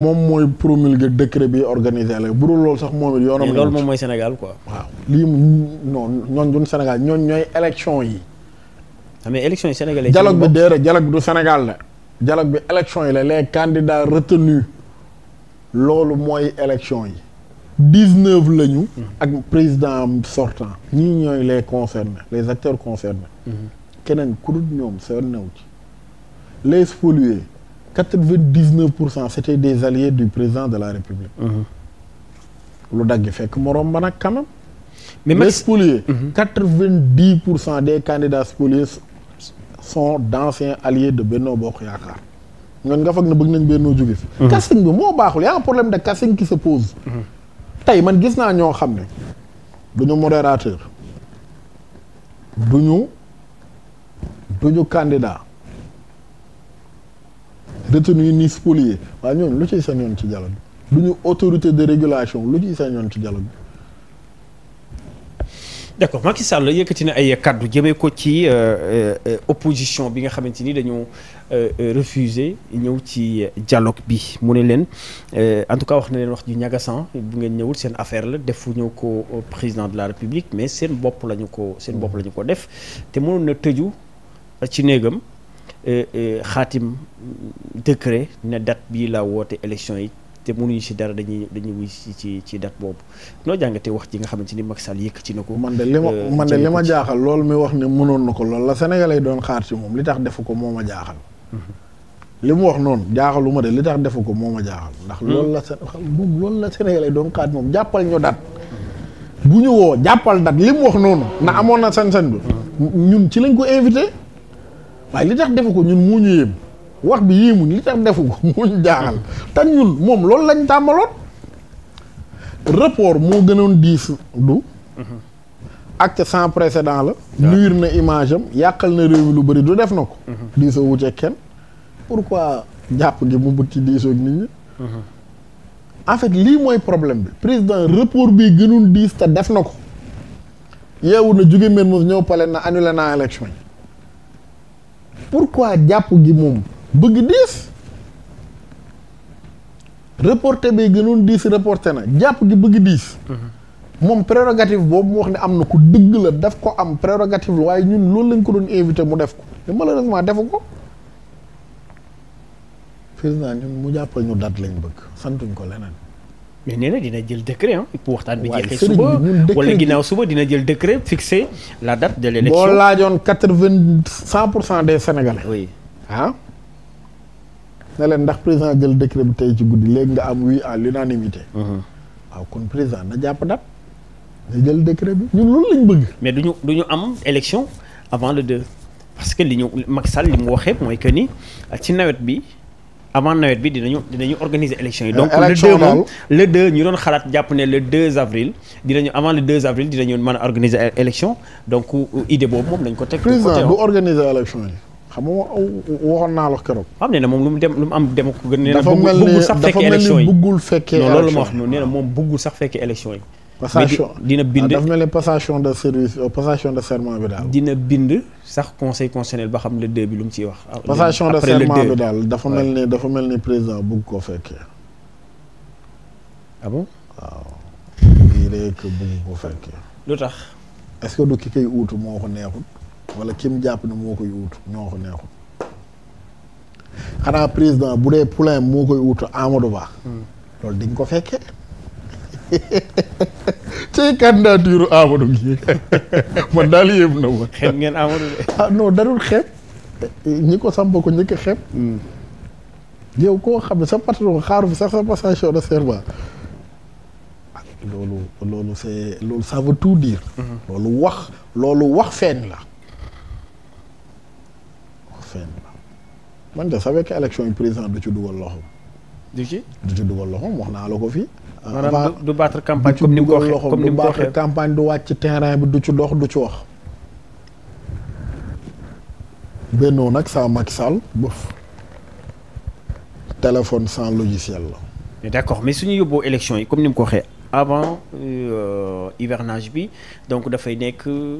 moom mooy promulguer décret bi organisé la bu dul loolu sax moom it yoonam. loolu moom mooy Sénégal ko waaw lii non ñoon du Sénégal ñoon ñooy élection yi. xam ah, nga élection yi sénégalais. dialogue bi déedéet dialogue bi du Sénégal la. dialogue bi élection yi la les candidats retenus loolu mooy élection yi. dix neuf lañu. Hmm. ak président sortant. ñii ñooy les concernés les acteurs concernés. Hmm. keneen ku dul ñoom seen new ci les spoliés. quatre-vingt-dix-neuf pour cent c'était des alliés du président de la République. lu dagg fekk moroom ba nag quand même. mais les spoliés. vingt dix pour cent des candidats spoliés sont d'anciens alliés de Benno Bokk Yaakaar. ñoom nga foog na bëgg nañ Benno jóge casting bi moo baaxul y a un problème de casting qui se pose. tey man gis naa ñoo xam ne duñu modérateur duñu duñu candidat. détenus ni spoliés waaye ñooñu lu ciy ci dialogue bi du ñu autorité lu ciy seen yoon ci dialogue bi d' accord Macky Sall yëkkati na ay kaddu jëmee ko ci euh, euh, euh, opposition bi nga xamante ni dañoo refuser ñëw ci dialogue bi mu ne leen en tout cas wax na leen wax ju ñagasan bu ngeen ñëwul seen affaire la defu ñëw ko président de la république mais seen bopp lañu ko seen bopp lañu ko def te mënoon na tëju ci néegam Euh, euh, xaatim décret ne date bii laa woote élection yi te mënuñu si dara dañuy dañuy wuy si ci ci date boobu noo jàngatee wax ji nga xamante ni Macky Sall yëkkati na ko. man de li euh, man de li ma jaaxal lool mi wax ne mënoon na ko lool la Sénégalais yi doon xaar ci moom li tax defu ko moo ma jaaxal. Mhm. li mu wax noonu jaaxalu ma de li tax defu ko moo ma ndax mhm. loolu la moom loolu la Sénégalais yi doon xaar moom jàppal ñu date. bu ñu jàppal date li mu wax noonu. na amoon na sañ-sañ bi. Mhm. ñun ci lañ ko invité. waaye li tax defu ko ñun mu ñu yéem wax bi yéemuñ li tax defu ko moo ñu jaaxal te ñun moom loolu lañ tàmbaloon report moo gënoon diis du acte sans précédent la nuir na image am yàqal na réew mi lu bëri du def na ko mhm. diisoo wu ci kenn pourquoi jàpp gi mu bëgg ci diisoo ak nit ñi mhm. en fait lii mooy problème bi président report bi gënoon diis te def na ko yeewu na jóge mel mos ñëw pale na annulé naa élection pourquoi jàpp gi moom bëgg diis reporté bi gënoon diis reporté na jàpp gi bëgg diis. Mhm. moom prérogative boobu mu wax ne am na ku dëgg la daf ko am prérogative la waaye ñun loolu lañ ko doon invité mu def ko te malheureusement defu ko. président ñun mu jàppal ñu date lañ bëgg santuñ ko leneen. mais nee na dina jël décret ah pour waxtaan bi jeexee suba wala ginnaaw suba dina jël décret fixé la date de l'élection boo laajoon quatre vingt cent pour cent des sénégalais. oui ah. ndax président jël décret bi tey ci guddi léegi nga am oui à l'unanimité mhm. waaw kon président na jàpp date na jël décret bi ñu loolu lañ bëgg. mais duñu duñu am élection avant le de parce que li ñu mag Sall li mu waxee mooy que ni ci nawet bi. avant nawet bi dina dinañu organiser élection yi euh, donc le deux moom le deux ñu doon xalaat jàpp ne le 2 avril dinañu avant le 2 avril dinañu mën a organiser élection donc euh, idée boobu moom dañ ko teg président bu organiser élection yi xam nga naa la keroog xam ne moom lu mu dem lu mu am dem ko gën nee na sax fekkee élection yi dafa mel ni bëggul fekkee wax noonu moom bëggul sax fekkee élection yi passation dina ah, bind dafa mel ni passation de service euh, passation de serment bi daal. dina bind sax conseil constitutionnel ba xam le deux bi lu mu ciy wax. Ah, passation de serment bi daal dafa mel ni dafa mel ni président bugg ko fekkee. ah bon waaw. lii rek bugg ko fekkee. lu tax. est-ce que du ki koy uutu moo ko neexul. wala kim jàpp ne moo koy uutu ñoo ko neexul. xanaa président bu dee poulain moo koy uutu Amadou Ba. Hmm. loolu di ko fekkee. tey candidature Amadou gi man daal yéem na ma. xeeb ngeen Amadou de. ah non ñi ko samp ko njëkk a xeeb. Hmm. koo xam ne sa patron xaaru fi sax sa passation de serment. loolu loolu c'est loolu ça veut tout hmm. loolu wax loolu wax feeñ la. wax man de sa wekk élection yi président du ci dugal loxo. du ci du loxoom wax naa la ko fii. du battre campagne comme ni mu ko waxee comme ni mu ko waxee du battre campagne du wàcc terrain bi du ci dox du ci nag saa Macky Sall bëf la. d'accord mais suñu yóbboo yi comme ni mu ko waxee euh, hivernage bi donc dafay nekk euh,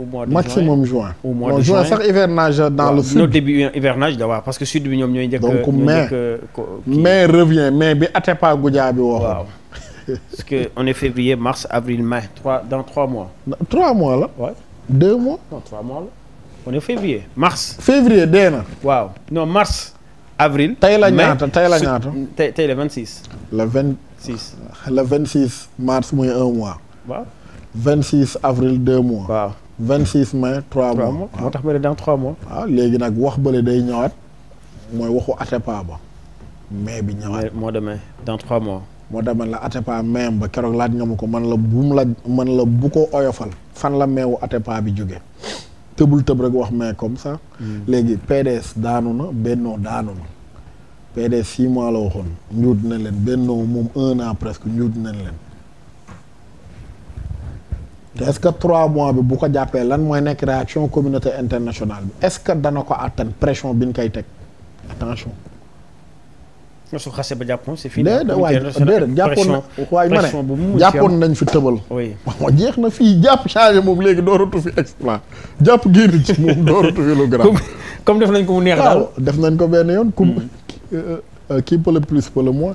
au mois de maximum juin au mois de juin sax hivernage dans le sud. no début hivernage parce que sud bi ñoom ñooy njëkk donc mai revient mai bi Atepa Goudia bi waxoon waaw parce que on est février mars avril mai dans trois mois trois mois la ouais. deux mois non mars na waaw non mars avril tey la ñaata tey la tey tey le vingt six le vingt vingt six mars mois waaw vingt six avril deux mois. waaw vingt six mai trois mois. moo tax ma ne dans trois mois. waaw léegi nag wax bële day ñëwaat mooy waxu Atepa ba mai bi ñëwaat. moo demee dans trois mois. moo tax man la Atepa meem ba keroog laaj nga ma ko man la buum la man la bu ko oyofal. fan la meewu Atepa bi jóge tëbul tëb rek wax mais comme sax hmm. léegi PDS daanu na Bennoo daanu na. PDS six mois la waxoon. njuut nañ leen Bennoo moom un an presque njuut nañ leen. te est-ce que trois mois bi bu ko jàppee lan mooy nekk réaction communauté internationale bi est-ce que dana ko àttan pression bi ñu koy teg attention. su xasee ba jàpp moom c'est fini. waay déedéet jàppoon na waay ma ne jàppoon nañ fi tëbal. oui jeex na fii jàpp changé moom léegi dooratu fi exploit jàpp génn ci moom dooratu fi lu grave. comme def nañ ko mu neex daal def nañ ko benn yoon. comme euh, euh, qui peut le plus peut le moins.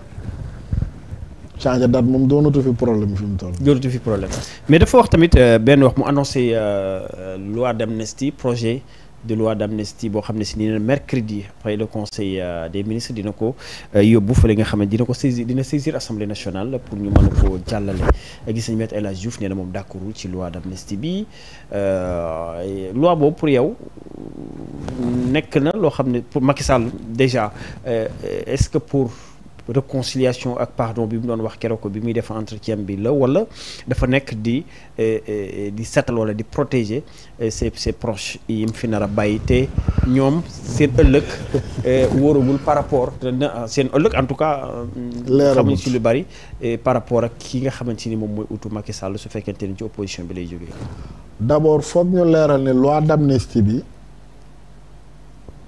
changer date moom doonatu fi problème fi mu toll. doonatu fi problème mais dafa wax tamit euh, benn wax mu annoncé euh, euh, loi d'amnistie projet de loi d'amnistie boo xam ne si nii mercredi après le conseil des ministres dina ko yóbbu fële nga xam ne dina ko saisir dina saisir assemblée nationale pour ñu mën ko jàllale gis nañu Maître El Hadji Diouf nee na moom d'accordul ci loi d'amnistie bi loi boobu pour yow nekk na loo xam ne pour Macky Sall déjà est-ce que pour. réconciliation ak pardon bi mu doon wax keroog bi muy def entretien bi la wala dafa nekk di eh, eh, di setal wala di protéger eh, ses ses proches yi mu fi nar bàyyi te ñoom seen ëllëg wóoragul par rapport seen ëllëg en tout cas euh, xamuñ si lu bari par rapport ak ki nga xamante ni moom mooy utu Macky Sall su fekkente ni ci opposition bi lay jógee d'abord foog ñu leeral ne loi d'amnistie bi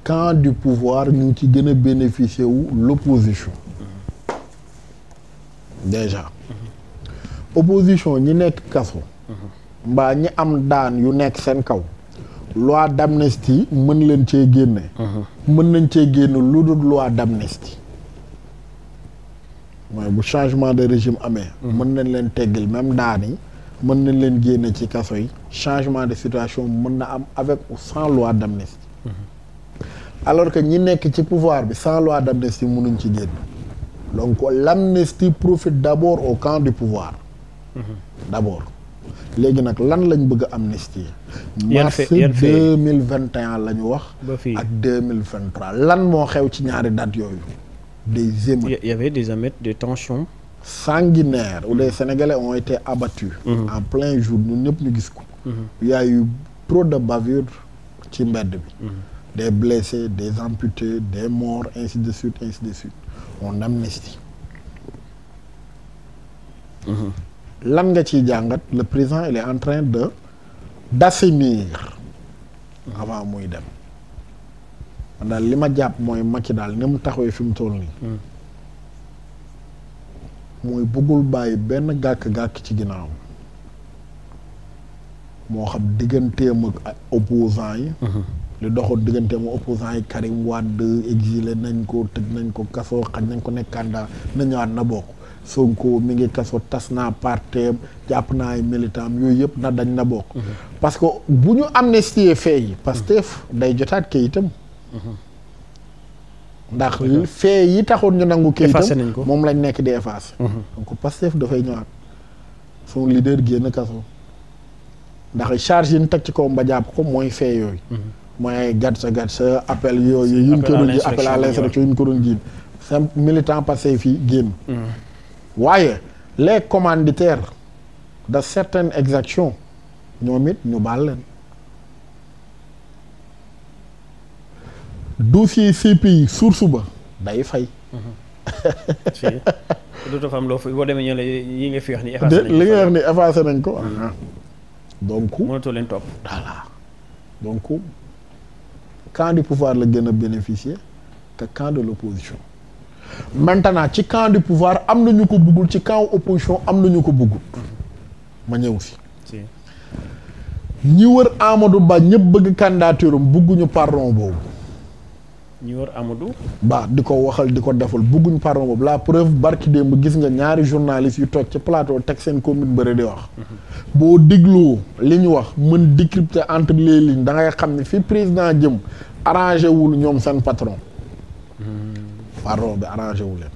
camp du pouvoir ñu ci gën a bénéficier wu l'opposition déjà opposition ñi nekk kaso mbaa ñi am daan yu nekk seen kaw loi d'amnistie mën leen cee génne mën nañ cee génn lu dul loi d'amnistie mooy bu changement de régime amee mën nañ leen teggil même daan yi mën nañ leen génne ci kaso yi changement de situation mën na am avec ou sans loi d'amnistie mhm. alors que ñi nekk ci pouvoir bi sans loi d'amnistie mënuñ ci génn donc l'amnistie profite d'abord au camp du pouvoir mhm. d'abord léegi nag lan lañ bëgg a amnistie mars deux mille vingt et la ñu wax ak deux mille vingt trois lan moo xew ci ñaari date yooyu des émeutes il y avait des émeutes des tensions sanguinaires où les mhm. sénégalais ont été abattus mhm. en plein jour ñun ñëpp ñu gis ko il y trop de bavures ci mbedd bi des blessés des amputés des morts ainsi de suite ainsi de suite on amnistie mhm. lan nga ciy jàngat le président il est en train de d'assainir avant muy dem man li ma jàpp mooy Macky daal ni mu taxawee fi mu toll nii mhm. mooy bëggul bàyyi benn gàkk-gàkk ci ginnaaw moo xam digganteem ak opposant yi mhm. li doxul diggante mu opposant yi Karim Wade nañ ko tëj nañ ko kaso xaj nañ ko nekk candidat na na bokk Sonko mi ngi kaso tas naa parteem jàpp naa ay yooyu yëpp na dañ na bokk. Mhm. parce que bu ñu amnistie fee yi. Pastef mhm. day jotaat kayitam. Mhm. ndax fee yi taxoon ñu nangu kayitam moom lañ nekk di effacer. donc Pastef dafay ñëwaat son leader génn kaso ndax charge yi ñu teg ci kaw mba jàpp ko mooy fee yooyu. mooy gatsa gatsa appel yooyu yu ñu ko doon ji appel à l'insurrection yu ñu ko doon génn mm. waaye les commanditaires de certaines exactions ñoom it ñu baal leen dossier CPI source suba day fay mm-hmm. si dootoo xam loo li nga wax ni effacé nañ ko mm-hmm. donc mënatoo leen topp voilà donc camp du pouvoir la gën a bénéficier que camp de l'opposition maintenant ci camp du pouvoir am na ñu ko buggul ci camp opposition am na ñu ko buggul ma ñëw si ñi wër Amadou Ba ñëpp bëgg candidature am bugguñu pardon boobu ñu wër Amadou. Ba di ko waxal di ko defal bugguñ pardon boobu la preuve barki démb gis nga ñaari journaliste yu toog ci plateau teg seen commune bëri di wax. Mhm. boo dégloo li ñu wax mën décrypter entre les lignes da xam ne fi président jëm arrangé wul ñoom seen patron. Mhm. pardon bi arrangé wu leen.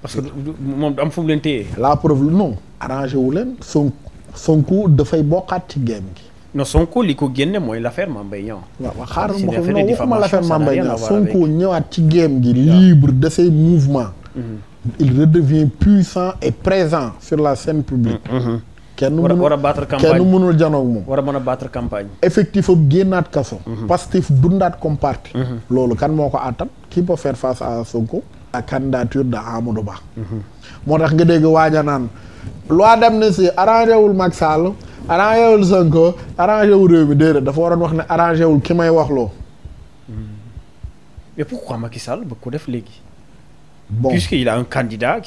parce que moom am fu mu leen téye. la preuve no arrangé wu leen Sonko Sonko dafay bokkaat ci game gi. non Sonko li ko génne mooy l'affaire Mame Mbaye Niang. waaw ma ko non waxuma l'affaire Mame Mbaye Niang Sonko ñëwaat ci game gi libre de ses mouvements. Mhm. il redevient puissant et présent sur la scène publique. Mhm, mhm. kenn mënul war a battre campagne kenn mënul janoog moom. war a a battre campagne. effectif am génnaat kaso. Pastef dundaat comme loolu kan moo ko àttan qui peut faire face à Sonko. la candidature de Amadou Ba. moo tax nga dégg waaja naan loi d'amnistie arrangé wul Macky Sall. arrangé wul Sonko arrangé wul réew mi déedéet dafa waroon wax ne arrangé wul ki may wax loo. mais pourquoi Macky Sall bëgg ko def léegi. bon puisque a un candidat